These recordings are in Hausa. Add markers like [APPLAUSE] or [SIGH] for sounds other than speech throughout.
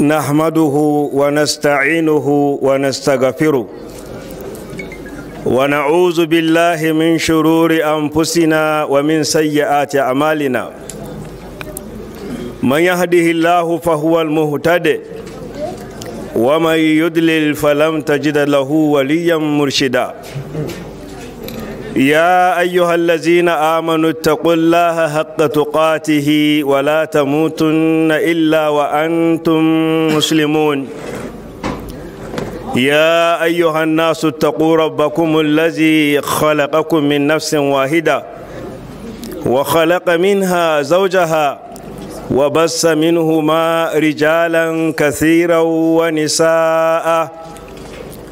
نحمده ونستعينه ونستغفره ونعوذ بالله من شرور أنفسنا ومن سيئات أعمالنا من يهده الله فهو المهتد ومن يدلل فلم تجد له وليا مرشدا يا أيها الذين آمنوا اتقوا الله حق تقاته ولا تموتن إلا وأنتم مسلمون يا أيها الناس اتقوا ربكم الذي خلقكم من نفس واحدة وخلق منها زوجها وبس منهما رجالا كثيرا ونساء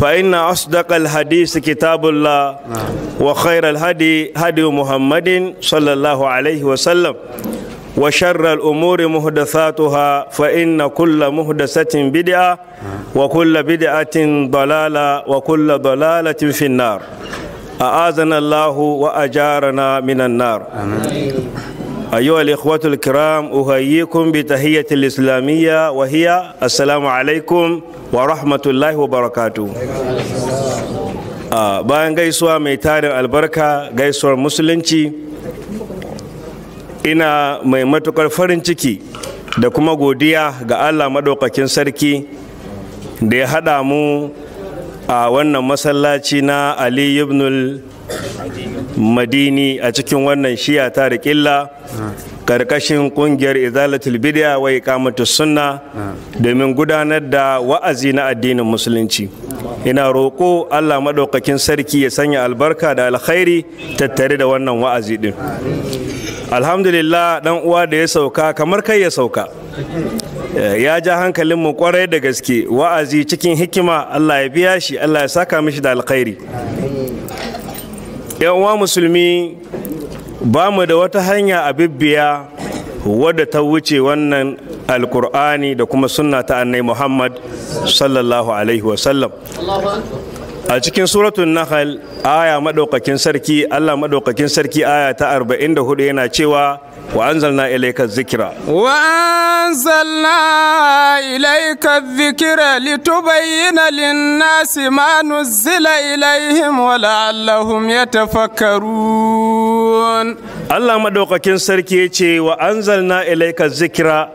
فإن أصدق الحديث كتاب الله وخير الهدي هدي محمد صلى الله عليه وسلم وشر الأمور محدثاتها فإن كل محدثة بدعة وكل بدعة ضلالة وكل ضلالة في النار أعاذنا الله وأجارنا من النار آمين. أيها الإخوة الكرام islamiyya بتحية الإسلامية وهي السلام عليكم ورحمة الله وبركاته bayan gaisuwa mai tarin albarka gaisuwar musulunci ina mai matukar farin ciki da kuma godiya ga allah maɗaukakin sarki da ya haɗa mu a wannan masallaci na ali ibnul madini a cikin wannan shiya ta da ƙilla ƙarƙashin ƙungiyar izalatul Bidiya wa iqamatus sunna domin gudanar da wa'azi na addinin musulunci ina roƙo Allah maɗaukakin sarki ya sanya albarka da alkhairi tattare da wannan wa'azi din alhamdulillah ɗan uwa da ya sauka kamar kai ya sauka eh, ya ja hankalinmu kwarai da gaske wa'azi cikin hikima Allah ya biya shi Allah ya saka mishi da alkhairi uwa musulmi ba mu da wata hanya a bibbiya wadda ta wuce wannan alkur'ani da kuma sunna ta annai muhammad sallallahu alaihi wasallam a cikin suratun nahal aya madaukakin sarki allah maɗaukakin sarki aya ta 44 yana cewa وأنزلنا إليك الذكر وأنزلنا إليك الذكر لتبين للناس ما نزل إليهم ولعلهم يتفكرون الله مدوقكين سركيتي وأنزلنا إليك الذكر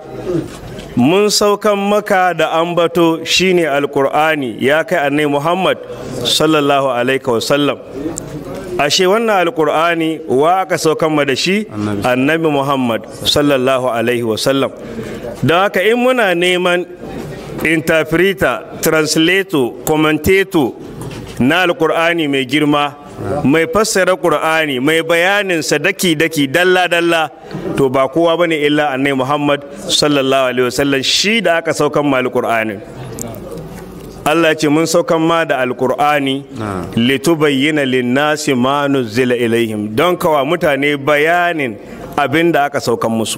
mun saukan maka da ambato shine alkur'ani ya kai annai muhammad sallallahu alaihi wasallam ashe wannan alkur'ani wa aka saukan ma da shi annabi muhammad sallallahu alaihi wasallam don haka in muna neman interpreter translator commentator na alkur'ani mai girma mai fassara ƙur'ani mai bayaninsa daki-daki dalla-dalla to ba kowa bane illa annai muhammad sallallahu alaihi wasallam shi da aka saukan ma alkur'ani Allah ce mun saukan ma da alkur'ani litubayyana linnasi ma nuzila ilaihim don kawa mutane bayanin abin da aka saukan musu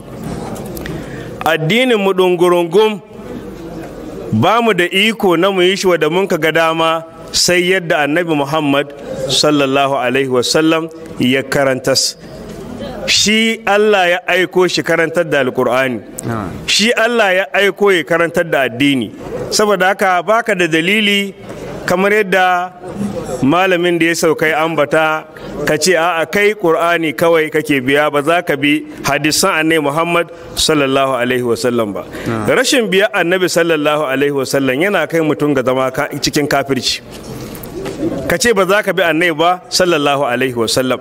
addinin mu dungurungum ba mu da iko na mu yi shi da mun ga dama sai yadda annabi muhammad sallallahu alaihi wasallam ya karanta. shi Allah ya aiko shi karantar da alkur'ani shi Allah ya aiko ya karantar da addini saboda haka baka da dalili kamar yadda malamin da ya saukai ambata ka ce a kai ƙur'ani kawai kake biya ba za ka bi hadisan annai muhammad sallallahu alaihi wasallam ba rashin biya annabi sallallahu alaihi wasallam yana kai mutum ga zama cikin kafirci ka ce ba za ka bi annai ba sallallahu alaihi wasallam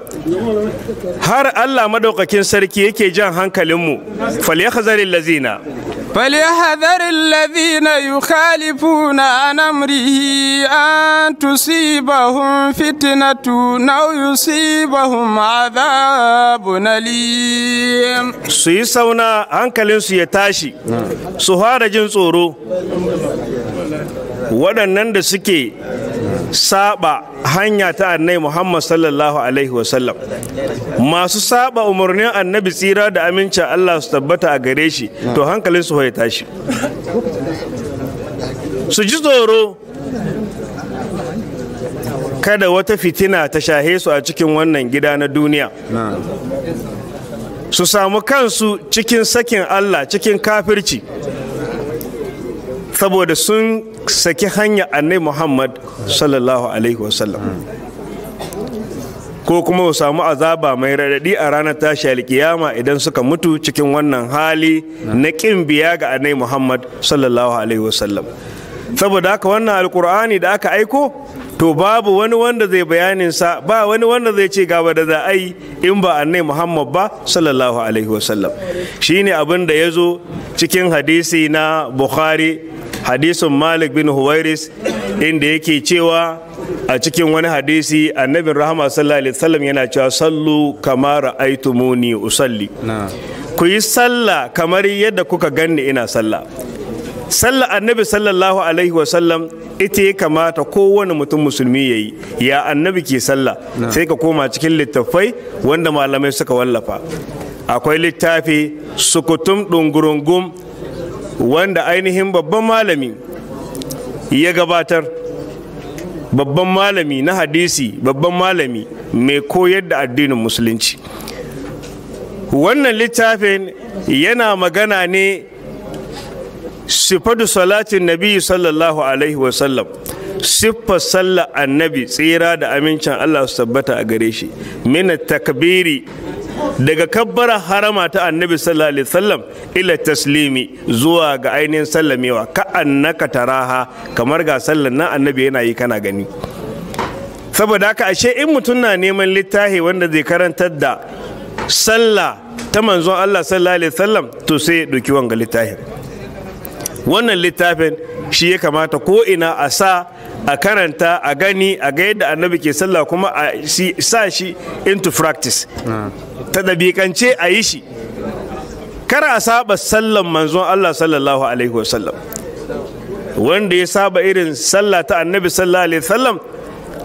har Allah madaukakin sarki yake jan hankalinmu falyakhzar lazina. فليحذر الذين يخالفون عن أمره na تصيبهم An أو يصيبهم عذاب أليم سي na liyem su yi sauna ya tashi su fara jin tsoro waɗannan da suke saba hanya ta annai Muhammad sallallahu alaihi wasallam masu saba umarnin annabi tsira da aminci Allah su tabbata a gare shi to hankalin su ya tashi su ji tsoro kada wata fitina ta shahe su a cikin wannan gida na duniya su samu kansu cikin sakin Allah cikin kafirci saboda sun saki hanya annai muhammad sallallahu alaihi wasallam ko kuma su samu azaba mai raɗaɗi a ranar tashi alkiyama idan suka mutu cikin wannan hali na ƙin biya ga annai muhammad sallallahu alaihi wasallam saboda haka wannan alkur'ani da aka aiko to babu wani wanda zai bayanin sa ba wani wanda zai ce gaba da za a yi in ba annai muhammad ba sallallahu alaihi wasallam shine abin da ya zo cikin hadisi na bukhari hadisin malik bin huwairis inda yake cewa a cikin wani hadisi annabin rahama sallallahu alaihi wasallam yana cewa sallu kama aitumuni usalli ku yi sallah kamar yadda kuka ganni ina sallah sallah annabi sallallahu alaihi wasallam ita ya kamata kowane mutum musulmi ya yi ya annabi ke sallah sai ka koma cikin littattafai wanda malamai suka wallafa akwai littafi sukutum dungurungum wanda ainihin babban malami ya gabatar babban malami na hadisi babban malami mai koyar da addinin musulunci wannan littafin yana magana ne sifadu salatin nabi sallallahu alaihi wasallam siffar sallar annabi tsira da amincin Allah su tabbata a gare shi mina takbiri daga kabbara harama ta annabi sallallahu alaihi wasallam ila taslimi zuwa ga ainihin sallamewa ka annaka taraha kamar ga sallan nan annabi yana yi kana gani saboda haka ashe in mutum na neman littafi wanda zai karantar da sallah ta manzon Allah sallallahu alaihi wasallam to sai ya ɗauki wanga littafin wannan littafin shi ya kamata ko ina a sa a karanta a gani a ga yadda annabi ke sallah kuma a sa shi into practice ta dabiƙance a yi shi kar a saba sallan manzon Allah sallallahu alaihi wasallam wanda ya saba irin sallah ta annabi sallallahu alaihi wasallam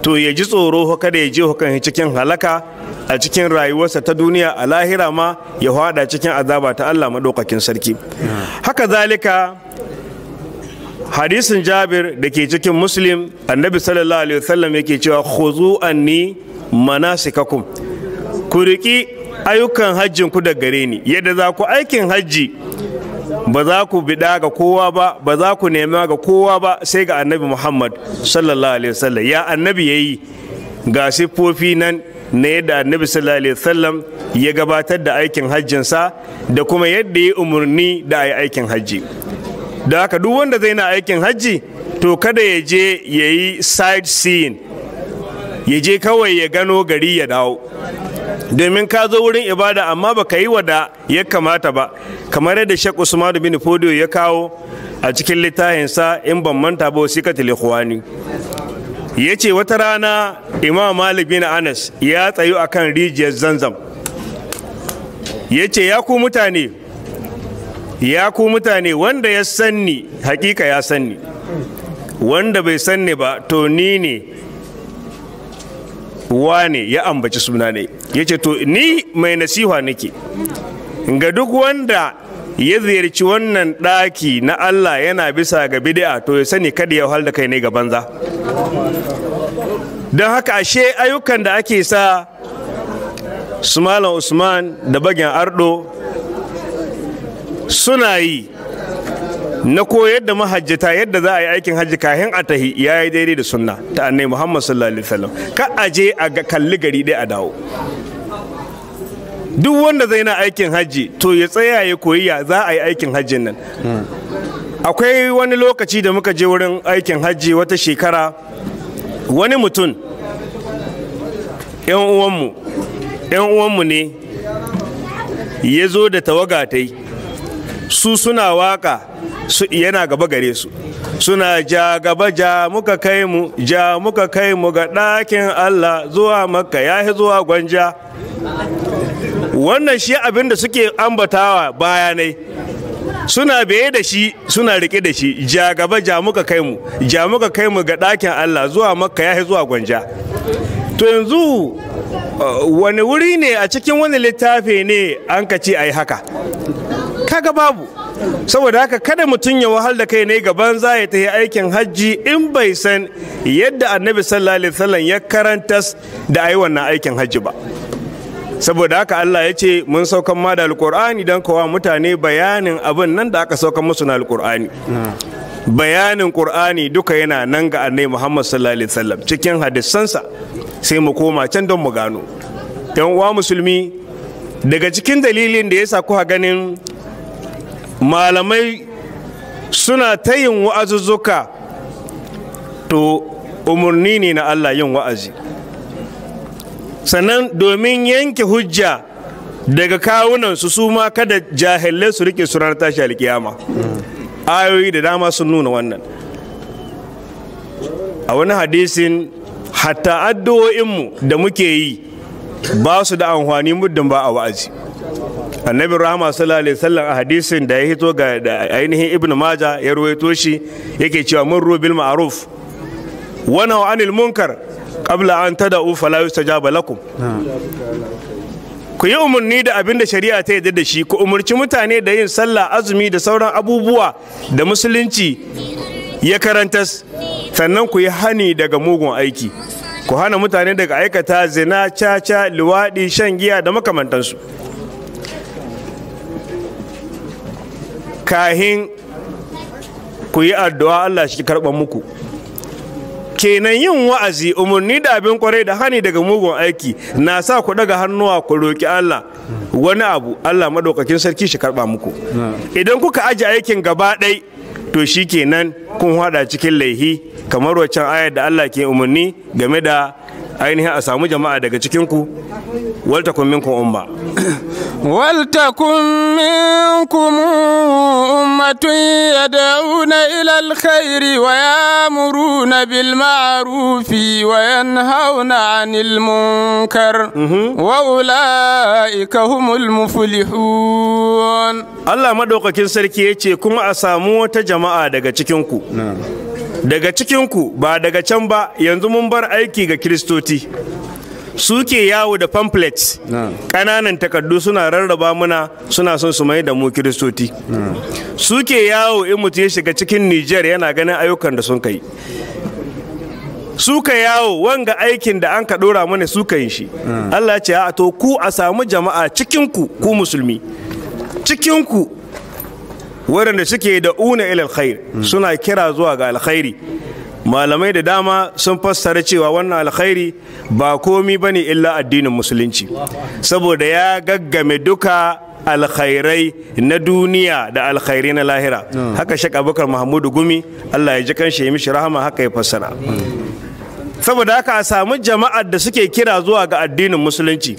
to ya ji tsoro kada ya je hukan cikin halaka a cikin rayuwarsa ta duniya a lahira ma ya hada cikin azaba ta Allah maɗaukakin sarki haka zalika hadisin jabir da ke cikin muslim annabi sallallahu alaihi wasallam yake cewa khuzu anni manasikakum ku riƙi ayyukan hajjin ku da gare ni yadda za ku aikin hajji ba za ku bida ga kowa ba ba za ku nema ga kowa ba sai ga annabi muhammad sallallahu alaihi wasallam ya annabi ya yi ga siffofi nan na yadda annabi sallallahu alaihi wasallam ya gabatar da aikin hajjinsa da kuma yadda ya umarni da a yi aikin hajji da haka duk wanda zai na aikin hajji to kada ya je ya yi sightseeing ya je kawai ya gano gari ya dawo domin ka zo wurin ibada amma baka yi wada ya kamata ba kamar yadda shek Usman bin Fodiyo ya kawo a cikin littafinsa in ban manta ba ne. Ya ce wata rana Imam Malik bin Anas ya tsayu akan rijiyar zanzam. yace ya ku mutane ya ku mutane wanda ya sanni hakika ya sanni wanda bai sanni ba to ni ne wane ya ambaci suna ne ya ce to ni mai nasiha nake ga duk wanda ya ziyarci wannan ɗaki na Allah yana bisa ga bid'a to ya sani kada ya wahal da kai ne ga banza don haka ashe ayyukan da ake sa su usman da bagin ardo suna yi na koyar da mahajjata yadda za a yi aikin hajji kahin a tahi ya yi daidai da sunna ta annai muhammad sallallahu alaihi wasallam ka a je a kalli gari dai a dawo duk wanda zai na aikin hajji to ya tsaya ya koyi ya za a yi aikin hajjin nan akwai wani lokaci da muka je wurin aikin hajji wata shekara wani mutum yan uwanmu yan uwanmu ne ya zo da tawaga ta yi su suna waka Su yana gaba gare su suna ja gaba ja muka kai mu ja muka kai mu ga ɗakin Allah zuwa makka yahi zuwa gwanja wannan shi abin da suke ambatawa bayanai suna beye da shi suna rike da shi ja gaba ja muka kai mu ja muka kai mu ga ɗakin Allah zuwa makka yahi zuwa gwanja to yanzu uh, wani wuri ne a cikin wani littafi ne an ka ce a yi haka kaga babu saboda haka kada mutum ya wahal da kai ne gaban za ya tafi aikin hajji in bai san yadda annabi sallallahu alaihi wasallam ya karanta da ayi wannan aikin hajji ba saboda haka Allah ya ce mun saukan ma da Alqur'ani dan kowa mutane bayanin abin nan da aka saukan musu na Alqur'ani. bayanin qur'ani duka yana nan ga annabi muhammad sallallahu alaihi wasallam cikin hadisansa sai mu koma can don mu gano yan uwa musulmi daga cikin dalilin da ya sa kuka ganin malamai suna ta yin wa'azuzzuka to umarni ne na Allah yin wa'azi sannan domin yanke hujja daga kawunan su ma kada jahilai su rike sunar tashi alkiyama ayoyi da dama sun nuna wannan a wani hadisin hatta addu'o'inmu da muke yi ba su da amfani muddin ba a wa'azi annabi rahama sallallahu alaihi wasallam a hadisin da ya hito ga ainihin ibnu maja ya ruwaito shi yake cewa mun rubil ma'ruf wa nahu anil munkar qabla an tada'u fala yustajaba lakum ku yi umarni da abin da shari'a ta yarda da shi ku umarci mutane da yin sallah azumi da sauran abubuwa da musulunci ya karantas sannan ku yi hani daga mugun aiki ku hana mutane daga aikata zina caca luwaɗi shan giya da makamantansu kahin ku yi addu'a Allah shi karɓar muku kenan yin wa'azi umarni da abin kwarai da hani daga mugun aiki na sa ku daga hannuwa ku roƙi Allah wani abu Allah maɗaukakin sarki shi karɓa muku idan kuka aji aikin gaba ɗai to shi kenan kun hada cikin laihi kamar waccan ayar da Allah ke umarni game da ainihin a samu jama'a daga cikin ku waltakun minkum umma waltakun minkum ummatun yad'una ila alkhairi wa ya'muruna bil ma'rufi wa yanhauna 'anil munkar mhm. wa ulaika humul muflihun Allah madaukakin sarki yace kuma a samu wata jama'a daga cikinku. daga cikinku, ba daga can ba yanzu mun bar aiki ga kiristoci gwamnati suke yawo da pamphlets kananan takardu suna rarraba muna suna son su mai da mu kiristoti suke yawo in mutum ya shiga cikin niger yana ganin ayyukan da sun kai suka yawo wanga aikin da an ka ɗora mana suka yin shi allah ce a to ku a samu jama'a cikinku ku musulmi cikinku waɗanda suke da una ilal khair mm. suna kira zuwa ga alkhairi malamai da dama sun fassara cewa wannan alkhairi ba komi ba ne illa addinin musulunci saboda ya gaggame duka alkhairai na duniya da alkhairi na lahira haka shaka bakar mahmudu gumi allah ya ji kanshi ya mishi rahama haka ya fassara saboda haka a samu jama'ar da suke kira zuwa ga addinin musulunci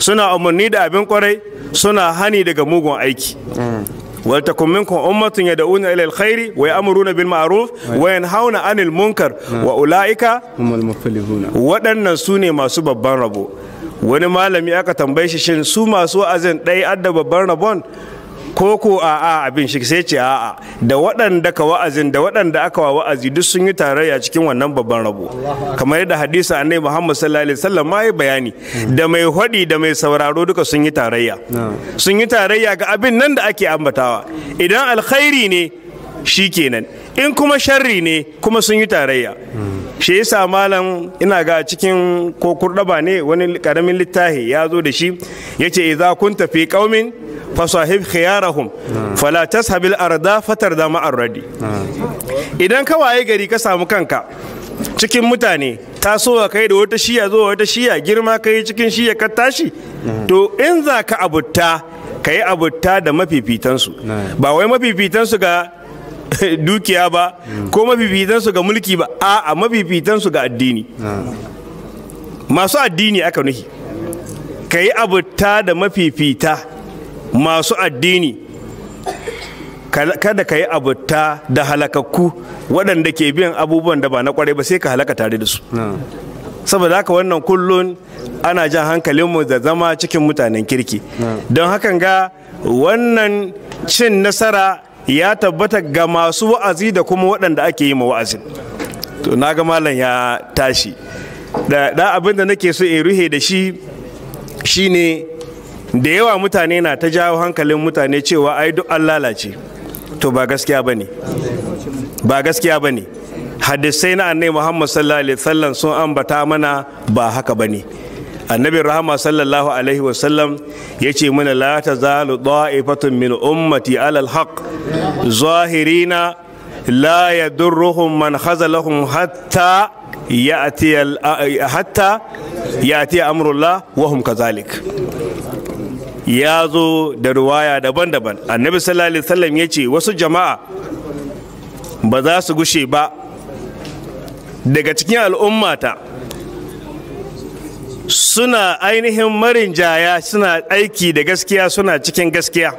suna umarni da abin kwarai suna hani daga mugun aiki mm. ولتكن منكم أمة يدعون إلى الخير ويأمرون بالمعروف وينهون عن المنكر وأولئك هم المفلحون ودنا سوني ما سبب ربو wani malami aka tambaye shi shin su masu wa'azin ɗaya adda babban rabon ko ko a'a abin shi sai ce a'a da waɗanda ka wa'azin da waɗanda aka wa wa'azi duk sun yi tarayya cikin wannan babban rabo kamar yadda hadisa annabi Muhammad sallallahu alaihi wasallam ma yi bayani da mai hwadi da mai sauraro duka sun yi tarayya sun yi tarayya ga abin nan da ake ambatawa idan alkhairi ne shi kenan in kuma sharri ne kuma sun yi tarayya shi yasa malam ina ga cikin ko ne wani karamin littafi ya zo da shi yace idza kunta fi qaumin fasahib khiyarahum fala tashabil arda fatar da radi idan ka waye gari ka samu kanka cikin mutane ta tasowa kai da wata shiya zuwa wata shiya girma kai cikin shiya ka tashi to in za ka abutta ka yi abutta da mafifitansu ba wai mafifitansu ga [LAUGHS] dukiya ba ko mafifitansu ga mulki ba a'a mafifitansu ga addini masu addini aka nuhi ka yi abutta da mafifita masu addini kada ka yi abuta da halakakku waɗanda ke biyan abubuwan da ba na kwarai ba sai ka halaka tare da su saboda haka wannan kullun ana jan hankalinmu da zama cikin mutanen kirki don hakan ga wannan cin nasara ya tabbata ga masu wa'azi da kuma waɗanda ake yi ma wa'azin to na ga malam ya tashi da abinda nake so in ruhe da shi shine da yawa mutane na ta jawo hankalin mutane cewa ai duk an lalace to ba gaskiya ba ne ba gaskiya ba ne hadisai na annai muhammad sallallahu alaihi wasallam sun ambata mana ba haka ba ne annabi rahama sallallahu alaihi wasallam ya ce mana la ta zalu da'ifatun min ummati alal haq zahirina la yadurruhum man khazalahum hatta ya'ti hatta ya'ti amrullah wa hum kazalik ya zo da ruwaya daban-daban annabi sallallahu alaihi wasallam ya ce wasu jama'a ba za su gushe ba daga cikin al'ummata suna ainihin marinjaya suna aiki da gaskiya suna cikin gaskiya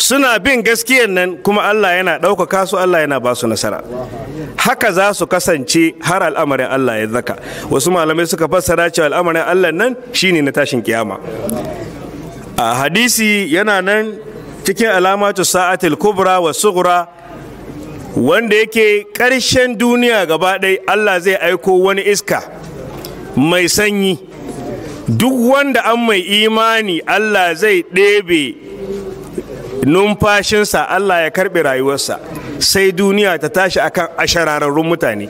suna bin gaskiyan nan kuma Allah yana ɗaukaka su Allah yana ba su nasara haka za su kasance har al'amarin Allah ya zaka wasu malamai suka fassara cewa al'amarin Allah nan shine na tashin kiyama a hadisi yana nan cikin alamatu sa'atil kubra wa sughra wanda yake ƙarshen duniya gaba ɗaya Allah zai aiko wani iska mai sanyi duk wanda an mai imani Allah zai ɗebe numfashinsa Allah ya karɓi rayuwarsa sai duniya ta tashi akan ashararrun mutane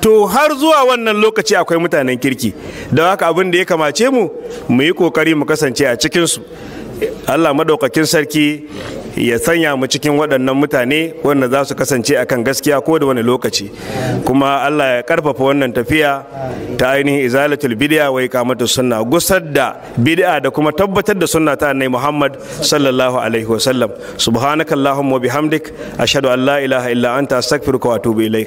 to har zuwa wannan lokaci akwai mutanen kirki da haka abin da ya kamace mu mu yi kokari mu kasance a cikinsu Allah madaukakin sarki ya sanya mu cikin waɗannan mutane wanda za su kasance a kan gaskiya ko da wani lokaci kuma Allah ya karfafa wannan tafiya ta ainihin izalatul bid'a wa iqamatu sunna gusar da bid'a da kuma tabbatar da sunna ta annabi Muhammad sallallahu alaihi wasallam subhanakallahumma wa bihamdik ashhadu an la ilaha illa anta astaghfiruka wa atubu ilaik